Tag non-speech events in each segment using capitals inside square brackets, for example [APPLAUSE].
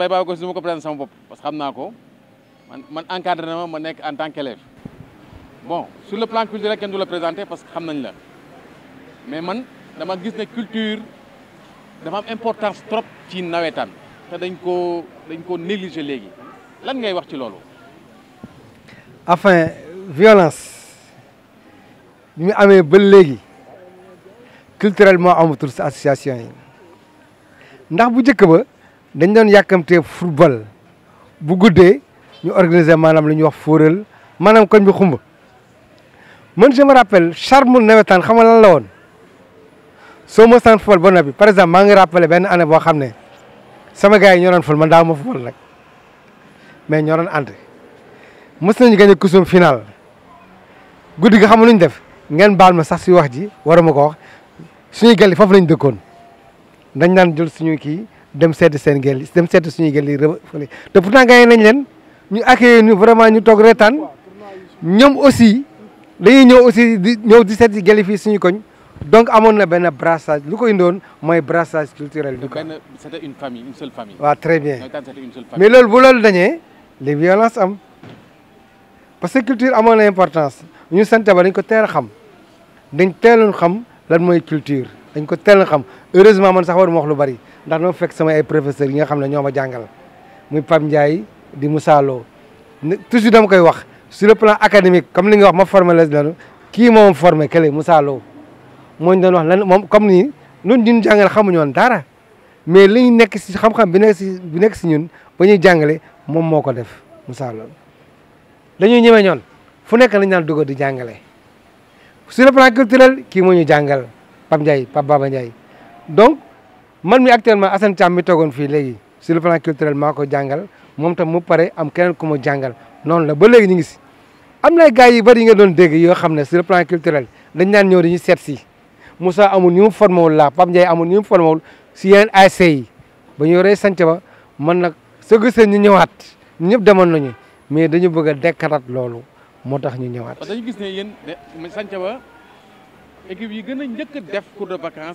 Mbaye Babacar Sy du ko présenter sama bopp parce que xam ko man man encadré na ma ma nekk en tant qu'élève bon sur le plan culturel kenn du la présenter parce que xam nañ la mais man dama gis ne culture dafa am importance trop ci nawetaan te dañ ko dañ ko négliger léegi lan ngay wax ci loolu. enfin violence bi mu amee ba léegi culturellement amatul si association yi ndax bu njëkk ba. dañ doon yàkkamtee football bu guddee ñu organiser maanaam lu ñuy wax fóoral maanaam koñ bi xumba man je me rappelle charme nawetaan xam nga lan la woon soo ma saan football ba noppi par exemple maa ngi rappelé benn année boo xam ne sama gars yi ñoo doon football man daaw ma football nag mais ñoo doon ànd ñu nañu gagné kusum final guddi gi xam nuñ def ngeen baal ma sax si wax ji war waruma ko wax suñuy gàll foofu lañ dëkkoon dañ naan jël suñu kii. dem sedd sen gel dem sedd suñu gel li fële te pourtant gaay nañ len ñu accueillir ñu vraiment ñu tok reetaan ñom aussi dañuy ñew aussi ñew di sedd gel fi suñu koñ donc amoon na ben brassage lu ko indoon mooy brassage culturel du ben c'était une famille une seule famille wa très bien mais loolu bu loolu dañé les violences am parce que culture amoon na importance ñu santé ba dañ ko teel xam dañ teeloon xam lan moy culture dañ ko teel xam heureusement man sax waruma wax lu bari ndax dama fekk sama ay professeurs yi nga xam ne ñoo ma jàngal muy Pape Ndiaye di Moussa Lo toujours dama koy wax sur le plan académique comme ni nga wax ma formé la lanu kii moom formé kële Moussa Lo moo ñu doon wax moom comme ni ñun ñun jàngal xamuñu woon dara mais li ñu nekk si xam-xam bi nekk si bu nekk si ñun ba ñuy jàngale moom moo ko def Moussa Lo dañuy ñëwee ñoon fu nekk lañ naan dugg di jàngale sur le plan culturel kii moo ñu jàngal Pape Ndiaye Pape Baba Ndiaye man mi actuellement Assane Thiam mi toogoon fii léegi sur le plan culturel maa jàngal moom tam mu pare am keneen ku mu jàngal noon la ba léegi ñu ngi si am na gars yu bari yi nga doon dégg yoo xam ne sur le dañ naan ñëw dañuy seet si Moussa amul ñu mu formé wul laa Pape Ndiaye amul ñu mu formé wul si yeneen ASC yi ba ñu yoree sanc ba man nag sëgg seen ñu ñëwaat ñëpp demoon nañu mais dañu bëgg a dekkaraat loolu moo tax ñu ñëwaat. dañu gis ne yéen sanc ba équipe yi gën a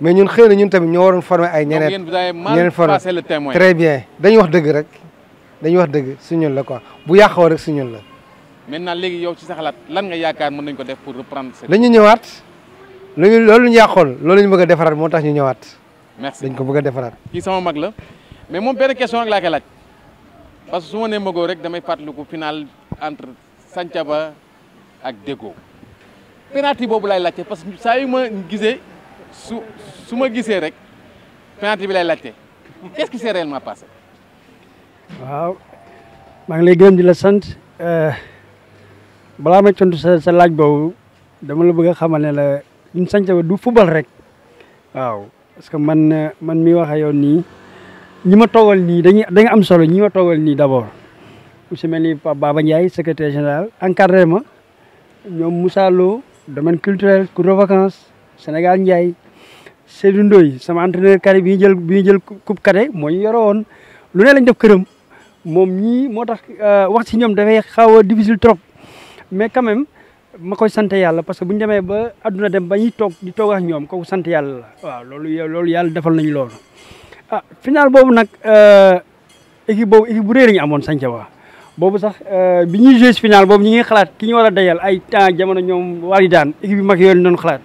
mais ñun xëy na ñun tamit ñoo waroon former ay ñeneen ñeneen former très bien dañuy wax dëgg rek dañuy wax dëgg su ñun la quoi bu yàqoo rek su ñun la. maintenant léegi yow ci sa xalaat lan nga yaakaar mën nañ ko def pour reprendre. dañu ñëwaat luñu loolu ñu yàqoon loolu ñu bëgg a defaraat moo tax ñu ñëwaat. merci dañ ko bëgg a defaraat. kii sama mag la mais moom benn question rek laa koy laaj parce que su ma nee magoo rek damay fàttaliku final entre Santhiaba ak Déggo penalty boobu laay laajte parce que saa ma gisee. su su ma gisee rek penalty bi lay laajte qu'est-ce qui s'est réellement passé. waaw maa ngi lay gërëm di la sant euh, balaa may tontu sa sa laaj boobu dama la bëgg a xamal ne la ñun sant du football rek waaw parce que man man mi wax yoon nii ñi ma toogal nii dañuy dañu am solo ñi ma toogal nii d'abord ku si mel ni Pape Baba Ndiaye général encadré ma ñoom Moussa domaine culturel cours de Sénégal Ndiaye Seydou Ndoye sama entraîneur carré bi ñu jël bi ñu jël coupe carré moo ñu yore woon lu ne lañ def këram moom ñii moo tax euh, wax si ñoom dafay xaw a trop mais quand même ma koy sant yàlla parce que bu ñu demee ba àdduna dem ba ñuy toog di toog ak ñoom kooku sant yàlla la waaw loolu loolu yàlla defal nañu loolu. ah final boobu nag euh, équipe boobu équipe bu réer ñu amoon Santhiaba boobu sax euh, bi ñuy joué final boobu ñu ngi xalaat ki ñu war a dajal ay temps jamono ñoom walidaan équipe yu mag yooyu la ñu doon xalaat.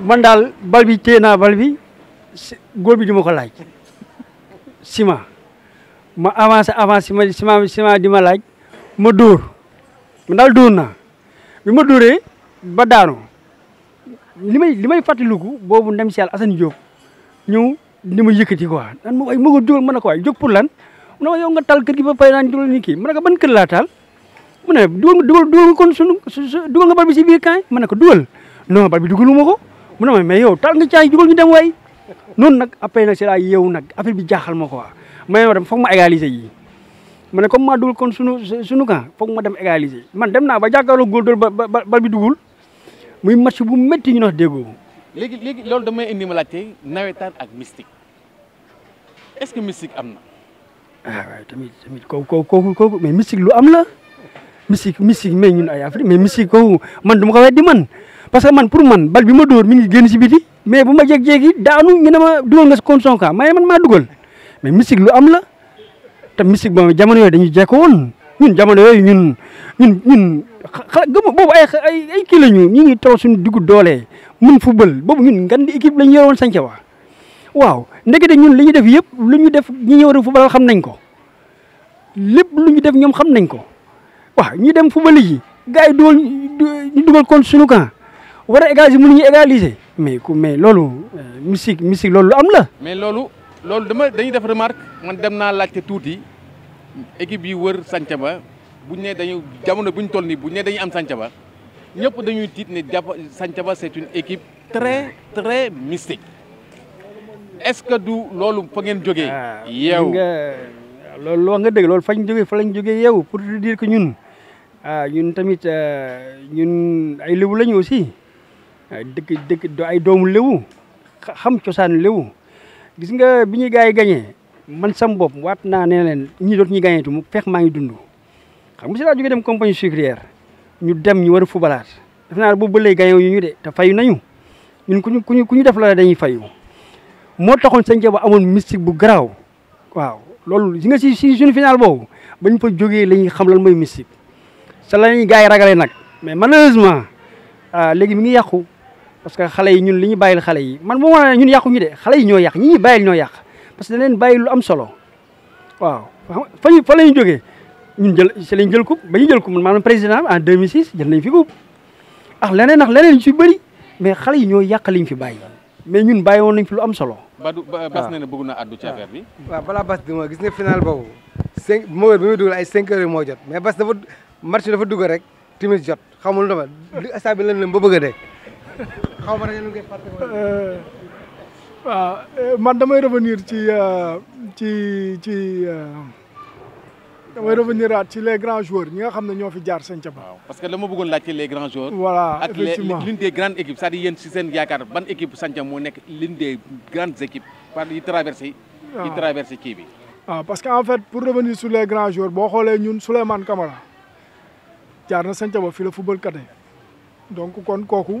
man daal bal bi téye naa bal bi góor bi di ma ko laaj ciment ma avancé avancé ma ciment ciment di ma laaj ma dóor man daal dóor naa bi ma dóoree ba daanu li may li may fàttaliku boobu ndem si yàlla Assane Diop ñëw ni ma yëkkati quoi nan moom ay ma ko ko waay jóg pour lan mu ne ma yow nga taal kër gi ba pare naan dugal ni kii ma ne ko ban kër laa taal mu ne dugal dugal dugal nga kon sunu dugal nga bal si biir kaay ma ne ko dugal non bal bi dugaluma ko mu ne ma yow tal nga caay jugal ñu dem way noonu nag après nag si laa yeewu nag affaire bi jaaxal ma quoi ma dem foog ma égaliser yi ma ne comme maa kon sunu sunu kan ma dem égaliser man naa ba jàkkaarloo góor dool ba bal bi dugul muy match bu métti ñu nax déggoo léegi léegi loolu damay indi ma laajte ak mystique est-ce am na ah waaw tamit tamit am la mystique mystique mais ñun ay Afrique mais mystique kooku man du ma ko di man parce que man pour man bal bi ma dóor mi ngi génn si biti mais bu ma jeg-jegi daanu ñu ne ma dugal nga contre son camp mais mais mystique lu am la te mystique boobu jamono yooyu dañu jekko woon ñun jamono yooyu ñun ñun ñun xa boobu ay ay kii la ñu ñu ngi taw suñu diggu doole mun football boobu ñun ngan di équipe la ñu yoroon waa waaw ndekete ñun li ñu def yëpp lu ñu def ñi ñu war a football xam nañ ko lépp lu ñu def ñoom xam nañ ko waaw ñu dem football yi gars yi dugal ñu dugal war a égaliser mënuñu égaliser mais ku mais loolu euh, musique musique loolu am la. mais loolu loolu dama dañuy def remarque man dem naa laajte tuuti équipe yi wër Santhiaba buñ ne dañu jamono ñu toll nii buñ ne dañuy am Santhiaba ñëpp dañuy tiit ne jàpp Santhiaba c'est une équipe très très mystique est-ce que du loolu fa ngeen jógee. Ah, yeew loolu loo nga dëgg loolu fañ jógee fa lañ jógee yeew pour dire que ñun ah ñun tamit euh, ñun ay lébu lañu aussi. deug deug do ay doomu lewu xam ciosan lewu gis nga biñu gaay gagné man sam bop wat na ne len ñi dot ñi gagné tu mu fex ma ngi dundu xam nga ci la jógee dem compagnie sucrière ñu dem ñu wara footballat fubalaat def naa boobu ba léegi gañewu ñu dé ta fayu nañu ñun kuñu kuñu kuñu def la dañuy fayu mo taxone señ ba amoon mystique bu graw waaw lolou si nga ci si jeune final boobu bañ fa jógee lañuy xam lan moy mystique sa lañuy gaay ragalé nak mais malheureusement ah légui mi ngi yakku parce que xale yi ñun li ñu bàyyil xale yi man moo ma ñun yàqu ñu de xale yi ñoo yàq ñi ñuy bàyyil ñoo yàq parce que dañ leen lu am solo waaw fa ñu fa la ñu jógee ñun jël jël coupe ba ñu jël coupe man maanaam président en 2006 nañ fi coupe ah leneen ak leneen si bëri mais xale yi ñoo yàq liñ fi bàyyi mais ñun bàyyi woon nañ fi lu am solo. Badou ah. Bas nee na bëgg na àddu ci affaire bi. Ah. waaw balaa Bas di ma gis nga final boobu cinq Mawar bi muy dugal ay jot mais Bas dafa match dafa dugg rek timis jot xamul dama li instant bi lan la ba bëgg a Euh, waaw euh, man damay revenir ci euh, ci ci. revenir aat ci les grands joueurs ñi nga xam ne ñoo jaar parce que la ma bëggoon laaj les grands joueurs. voilà ak les l'une des grandes équipes c'est-à-dire yéen si seen ban équipe Santhiaba moo l'une des grandes équipes par yi traversé. waaw traversé kii bi. parce que en fait pour revenir sur les grands joueurs boo sur ñun Souleymane Camara jaar na Santhiaba fi le football kat donc kon kooku.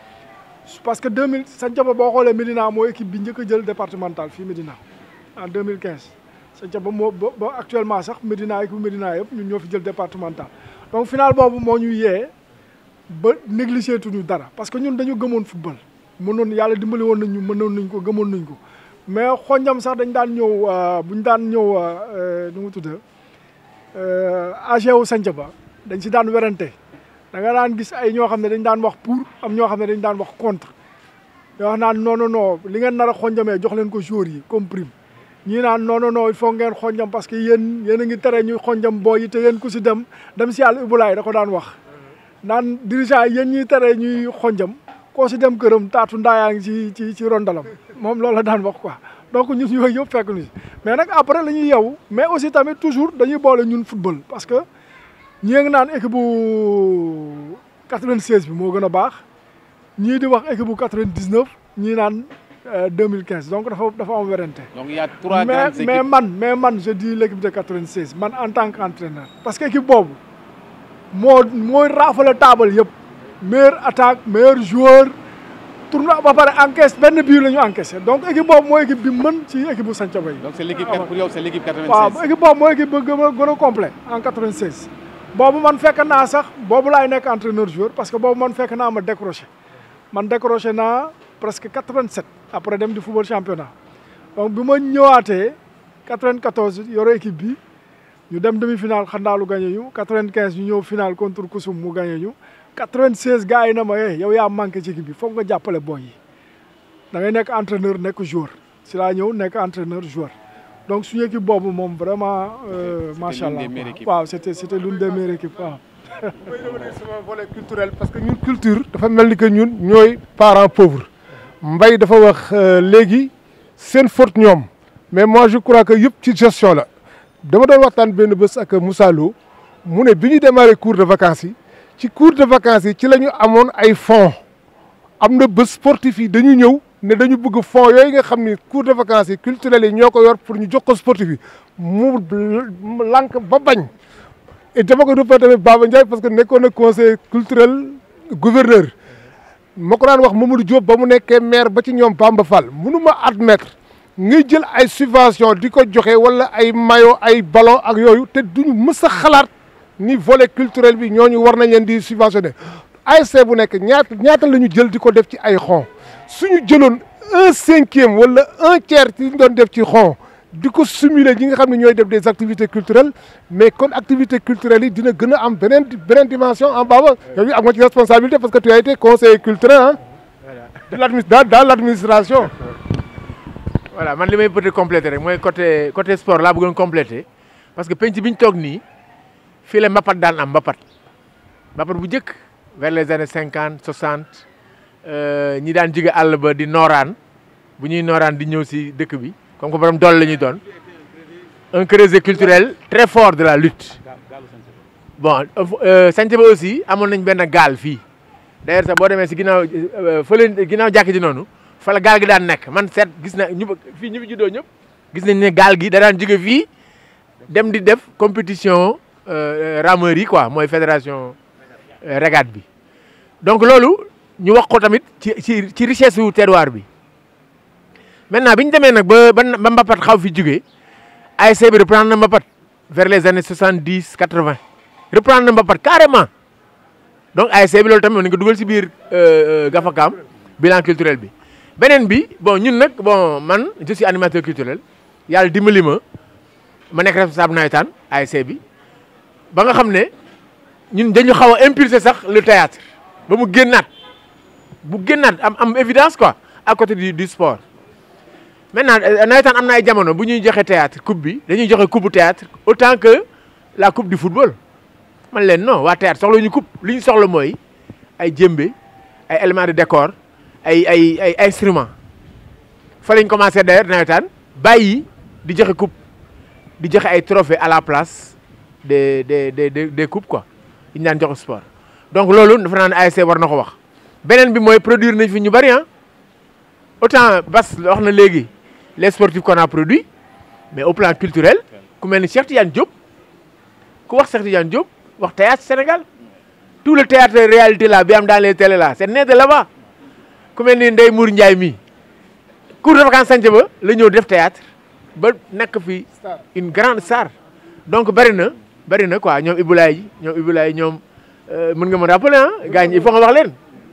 parce que 2000 Santhiaba boo xoolee Médina moo équipe bi njëkk a jël départemental fii Médina en 2015 Santhiaba moo ba ba actuellement sax Médina équipe Médina yëpp ñun ñoo fi jël départemental donc final boobu moo ñu yee ba négligé tuñu dara parce que ñun dañu gëmoon football mënoon yàlla dimbali woon nañu ñu mënoon nañ ko gëmoon nañ ko mais xonjam sax dañ daan ñëw euh, bu ñu daan ñëw euh, euh, nu mu tudd AG wu Santhiaba dañ si daan werante da nga daan gis ay ñoo xam ne dañ daan wax pour am ñoo xam ne dañ daan wax contre yoo wax naan non non non li ngeen nar a xonjamee jox leen ko joueurs yi comme prime ñii naan non non non il faut ngeen xonjam parce que yéen yéen a ngi tere ñuy xonjam booy yi te yéen ku si dem dem si yàlla ibulaay da ko daan wax naan dirigeant yéen ñuy tere ñuy xonjam koo si dem këram taatu ndaayaa ngi ci ci ci rondalam moom loolu la daan wax quoi donc ñun yooyu yëpp fekk ñu si mais nag après la ñuy mais aussi tamit toujours dañuy boole ñun football parce que ñii ngi naan équipe bu 96 bi moo gën a baax ñii di wax équipe bu 99 ñii naan 2015 euh, donc naan dafa am werante. donc y' a trois grandes équipes mais mais man mais man je dis l' équipe de 96 man en tant que entraîneur. parce que équipe boobu moo mooy raafale taabal yëpp meilleur attaque meilleur joueur tournoi ba pare encaisse benn biir la ñu encaissé donc équipe boobu mooy équipe bi mën ci équipe bu Santiago yi. donc c' est l' équipe l' équipe 96. waaw équipe bobu man fekk na sax bobu lay nek entraîneur joueur parce que bobu man fekk na ma décrocher man décrocher na presque 87 après dem du football championnat donc bima ñëwaaté 94 yoro équipe bi ñu dem demi finale lu gagné ñu 95 ñu ñëw finale contre kusum mu gagné ñu 96 gars yi na ma eh yow ya manké ci équipe bi fokk nga jappalé bon yi da ngay nek entraîneur nek joueur si laa ñëw nek entraîneur joueur. donc suñu équipe boobu moom vraiment euh, macha allah waaw c'était c'était l'une des meilleures équipes waaw may revenir sama volet culturel parce que ñun [LAUGHS] culture dafa mel ni que ñun ñooy parents pauvres mbay dafa wax euh, léegi seen faute ñoom mais moi je crois que yëpp ci gestion la dama doon waxtaan benn bés ak Moussa Lo mu ne bi ñu démarré cours de vacances yi ci cours de vacances yi ci la ñu amoon ay fonds am na bés sportif yi dañu ñëw ne dañu bëgg fonds yooyu nga xam ni cours de vacances yi culturels yi ñoo ko yor pour ñu jox ko sportif yi mu lànk ba bañ et dama ko reporté tamit Baba Ndiaye parce que nekkoon na conseil culturel gouverneur ma ko daan wax Mamadou joob ba mu nekkee maire ba ci ñoom ba Fall mënuma admettre ngay jël ay subvention di ko joxe wala ay mayo ay ballon ak yooyu te duñu mës a xalaat ni vole culturel bi ñoo ñu war nañ leen di subventionné ASC bu nekk ñaat ñaata la ñu jël di ko def ci ay xon Si nous avons un cinquième ou un tiers de ñu doon def ci xon simuler nga des activités culturelles mais comme activités culturelles yi dina a am grande dimension en as yow yi am responsabilité parce que tu as été conseiller culturel hein, dans l'administration voilà man je compléter rek côté côté sport compléter parce que penc bi ñu toog nii fii la mbapat daan am vers les années 50, 60 euh, ñi daan jige àll di bu ñuy di ñëw si dëkk bi comme que borom un creuset culturel très fort de la lutte bon euh, euh, aussi amoon nañ benn gaal fii d'ailleurs ça boo demee si ginnaaw fële ginnaaw jàkk ji fa la gaal gi daan nekk man seet gis na ñu fii ñu fi juddoo ñëpp gis gi daan compétition quoi fédération Regat bi donc loolu ñu wax ko tamit ci ci richesse wu terroir bi maintenant bi ñu demee nag ba ba Mbapat xaw fi jugee ASC bi reprendre na Mbapat vers les années 70 80 reprendre na Mbapat carrément donc ASC bi loolu tamit mën nga dugal si biir euh, euh, gafakaam bilan culturel bi. beneen bi bon ñun nak bon man je suis animateur culturel yàlla dimbali ma ma nekk responsable nawetaan ASC bi ba nga xam ne ñun dañu xaw a sax le théâtre ba mu génnaat bu gënaat am évidence quoi à côté du du sport. maintenant euh, nawetaan am na jamono bu joxe théâtre coupe bi dañuy joxe coupe bu théâtre autant que la coupe du football man leen non waa théâtre soxla ñu coupe li ñu soxla mooy ay jëmbe ay éléments de décor ay ay ay instruments fallait lañ commencer d'ailleurs nawetaan bàyyi di joxe coupe di joxe ay trophées à la place des des des des coupes quoi yi ñu daan joxe sport donc loolu dafa naan ASC war na ko wax benen bi moy produire nañ fi ñu bari hein autant Bas wax na léegi les sportifs qu'on a produit mais au plan culturel ku melni Cheikh Tidiane Diop ku wax Cheikh Tidiane Diop wax théâtre Sénégal tout le théâtre réalité là bi am dans les télé là c'est né de là-bas ku melni ni Mour Ndiaye mi cour de vacances sànq ba la ñeu def théâtre ba nek fi une grande star donc bari na bari na quoi ñom Ibou Laye ñoom Ibou Laye ñoom euh, mën nga ma rappeler hein gars il faut nga wax leen.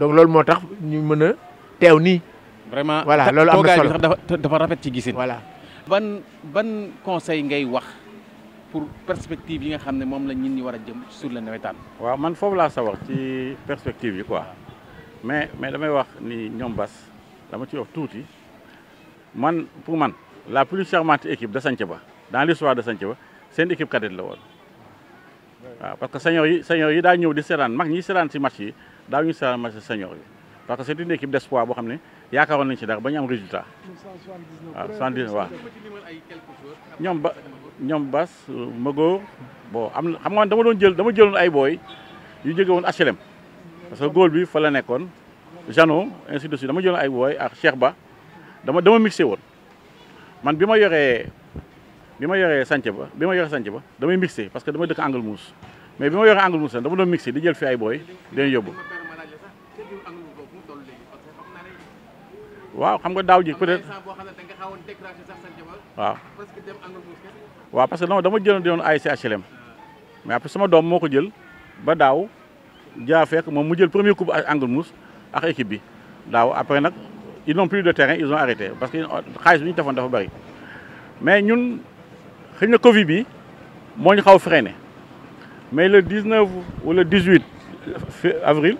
donc loolu motax ñu mëna tew ni vraiment voilà loolu am solo dafa rafet ci gisine voilà ban ban conseil ngay wax pour perspective yi nga xam mom la ñun ñi war jëm sur le nawetan wa man fofu la sa wax ci perspective yi quoi mais mais damay wax ni ñom bass dama ci wax touti man pour man la plus charmante équipe de Santhiaba dans l'histoire de Santhiaba seen équipe cadette la woon parce que seigneur yi seigneur yi da ñëw di seetaan mag ñi seetaan ci match yi. daaw ñu samac senior yi parce que c'est une équipe d'espoir boo xam ne yaakaaroon nañu ci dara ba ñu am résultat waaw 79 waaw ñoom ba ñoom Bas Magóor bon am na xam nga dama doon jël dama jëloon ay booy yu jóge woon HLM parce que góor bi fa la nekkoon Jano ainsi de suite dama jëloon ay booy ak Cheikh Ba dama dama mixé woon man bi ma yoxee bi ma yoree sànc ba bi ma yoree sànc ba damay mixé parce que dama dëkk Angle Mousse mais bi ma yoree Angle Mousse dama doon mixé di jël fi ay booy den yóbbu waaw xam nga daaw ji peut être waaw waaw parce que non dama jëloon yoon ASC HLM mais après sama doom moo ko jël ba daaw jaa fekk moom mu jël premier coupe Angle Mousse ak équipe bi daaw après nag ils n'ont plus de terrain ils ont arrêté parce que xaalis bi ñu defoon dafa bëri mais ñun xëy na Covid bi moo ñu xaw freiné mais le 19 ou le 18 avril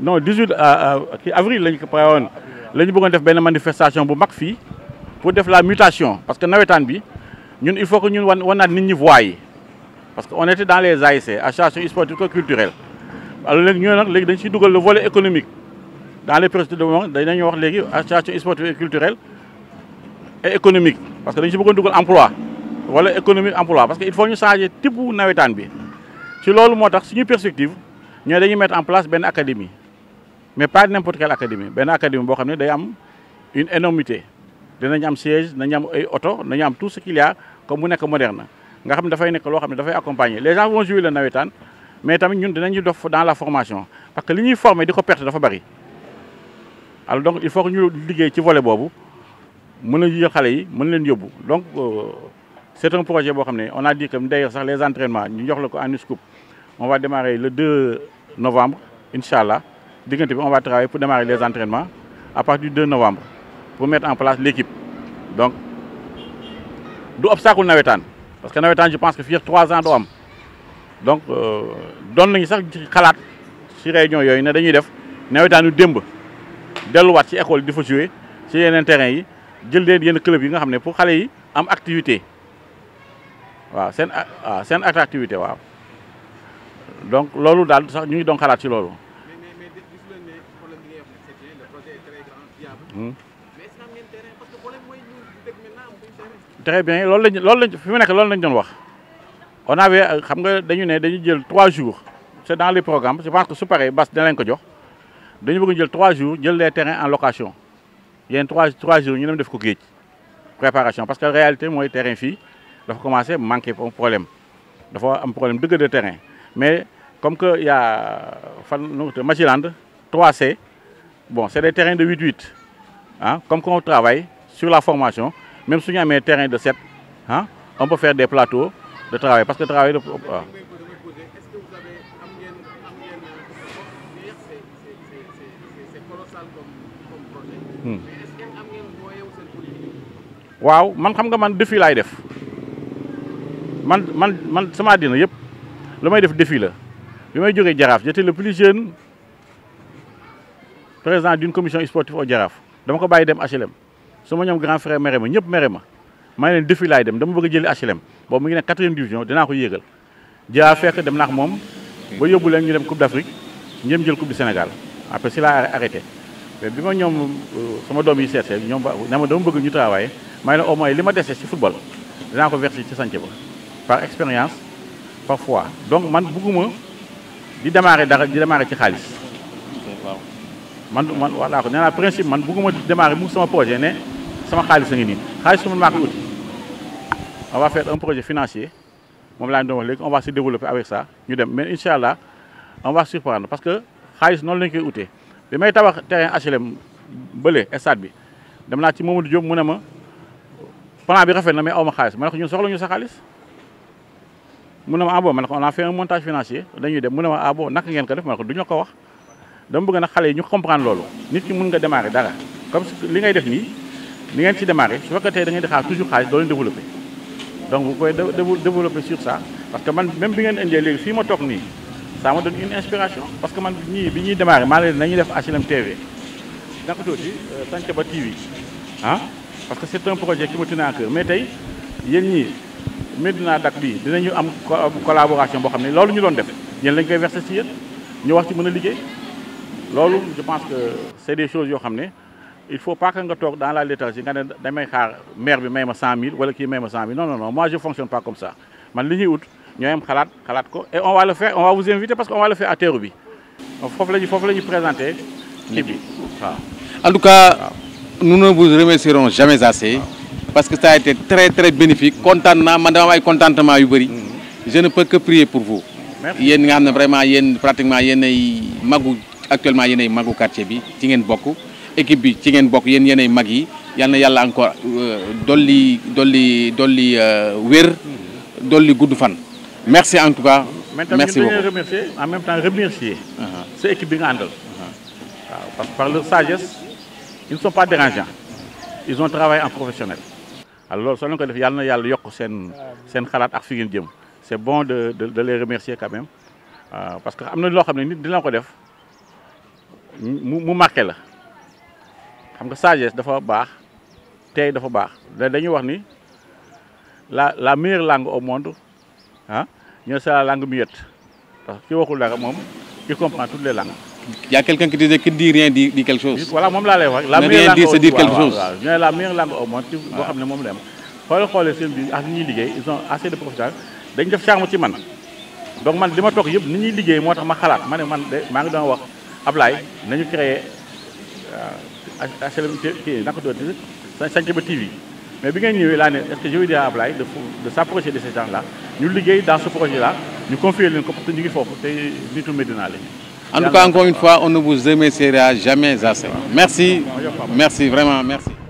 non 18 euh, euh, avril lañ ko préwoon la ñu bëggoon def manifestation bu mag pour def la mutation parce que nous bi ñun il faut que nous voyions wanaat nit ñi voie parce qu'on était dans les ASC association sportive culturelle alors nous, nous nag dañ le volet économique dans les projets de moment avons wax à association sportive et culturelle et économique parce que nous avons bëggoon emploi, emploi volet économique emploi parce que il faut ñu changer type nawetaan bi ci loolu moo tax suñu perspective nous allons mettre en place une académie mais pas n'importe quelle académie Ben académie boo xam day une énormité dinañ am siège dinañ am ay auto am tout ce qu'il y a comme une, école moderne nga xam ne une nekk accompagner les gens vont jouer le navetan, mais tamit ñun dans la formation parce que l'uniforme, ñuy former di ko perte dafa alors donc il faut que nous liguions ci volet boobu mën a jël donc euh, c'est un projet on a dit que d'ailleurs les entraînements ñu jox le on va démarrer le 2 novembre Inch'Allah, diggante on va travailler pour démarrer les entraînements à partir du 2 novembre pour mettre en place l'équipe donc du obstacle nawetaan parce que nawetaan je pense que fii 3 ans d'homme am donc euh, doon nañu sax Khalat, ci réunion yooyu ne dañuy def dembe. démb delluwaat ci école di fa jouer ci yeneen terrain yi jël leen il club yi nga club pour xale yi am activité waaw une ah, waaw attractivité waaw donc loolu daal sax ñu Khalat doon xalaat ci loolu très bien C'est lañ loolu que fi on avait trois jours C'est dans les programmes je pense que su pareil, bas dina leen ko jox trois jours jël les terrains en location Il y a trois jours ñu dem def préparation parce que réalité le terrain commencer à manquer un problème dafa un problème de terrain mais comme que y' a fan 3C bon c'est des terrains de 8-8 hein, comme quand on travaille sur la formation, même si on a un terrain de 7, hein, on peut faire des plateaux de travail. Parce que travailler. Ah. Est-ce que vous avez un projet euh, C'est colossal comme projet. Hmm. Mais est-ce que qu'il y a un moyen ou cette politique Waouh, je sais que je suis un défi. Je suis un défi. Je suis un défi. Le meilleur défi, j'étais le plus jeune président d'une commission sportive au Girafe. dama ko bàyyi dem HLM su ma ñoom grand frère mere ma ñëpp mere ma maa ngi leen défi laay dem dama bëgg a jëli HLM boobu mu ngi ne quatrième division dinaa ko yéegal jaa fekk dem naax moom ba yóbbu leen ñu dem coupe d' afrique ñëm jël coupe du sénégal après si laa arrêté bi ma ñoom euh, sama doom yi seetsee ñoom ba ne ma dama bëgg ñu travailler maa leen au moins li ma desee si football danaa ko verser ci santé ba par expérience parfois donc man bëgguma di démarrer dara di démarrer ci xaalis man man wax ko nee naa principe man bëgguma démarrer mu sama projet ne sama xaalis a ngi nii xaalis man maa ko uti on va projet financier moom laa ñu doon on va se développer avec ñu dem mais incha allah on va parce que xaalis noonu la utee bi may tabax terrain HLM bële stade bi dem naa ci Mamadou Diop mu ne ma bi rafet na mais aw ma xaalis ma ne ko ñun ñu sa xaalis mu ne ma ah bon ma ne a ah ngeen ko def ma ne ko ko wax dama bëgg nag xale yi ñu comprendre loolu nit ki mun nga démarrer dara comme li ngay def nii li ngeen ci démarrer su fekkee tey da ngeen di xaar toujours xaalis doo leen développé donc vous pouvez développer sur ça parce que man même bi ngeen indee léegi fii ma toog nii ça ma donne une inspiration parce que man ñii bi ñuy démarrer maa leen nañuy def HLM TV naka tuuti Santhiaba euh, TV ah, parce que c'est un projet qui me tient à cœur mais tey yéen ñii Médina Dak bii dinañu am collaboration boo xam ne loolu ñu doon def yéen lañ koy versé je pense que c'est des choses yo xamné ne il faut pas que nga tok dans la lettre nga né damay xaar maire bi may ma wala non non non moi je fonctionne pas comme ça man liñuy out, ut am et on va le faire on va vous inviter parce qu'on va le faire à terre. bi faut vous présenter. foofu en tout cas nous ne vous remercierons jamais assez parce que ça a été très très bénéfique Content, man dama contentement mm-hmm. je ne peux que prier pour vous Il nga a vraiment il pratiquement yéen ay magou actuellement yéné magu quartier bi ci ngeen bokk équipe bi ci ngeen bokk yén yéné mag yi yalla encore euh, dolli dolli dolli euh, wér dolli goudou fan. merci en tout cas. merci beaucoup maintenant remercier en même temps remercier. C'est uh-huh. équipe bi nga andal parce que par leur sagesse ils ne sont pas dérangeants ils ont travaillé en professionnel. alors selon les ko def yàlla na yàlla yokk sen seen xalaat ak fi ngeen c'est bon de de les remercier quand même euh, parce que nous avons loo xam ne nit mu mu marqué la xam nga sagesse dafa baax tey dafa baax dañu wax ni la la meilleure langue au monde hein ñoo ne la langue muette parce que ki waxul dara moom il comprend toutes les langues. y a quelqu'un qui disait que dit rien dit dit quelque chose. voilà moom la lay wax. la meilleure langue au dire quelque chose ñu la meilleure langue au monde. ci boo xam ne moom la am xool seen bi ak ñuy liggéey ils ont assez de professionnels dañ def charme ci man donc man li ma toog yëpp ni ñuy liggéey moo tax ma xalaat ma ne man de maa ngi doon wax. Ablaye avons créé la TV mais bi nous est-ce que je veux dire à Ablaye de de s'approcher de ces gens-là Nous liguer dans ce projet-là nous confier les opportunités qu'il faut pour nous tout te nitu en tout cas encore une fois on ne vous aimerait jamais assez. merci merci vraiment merci.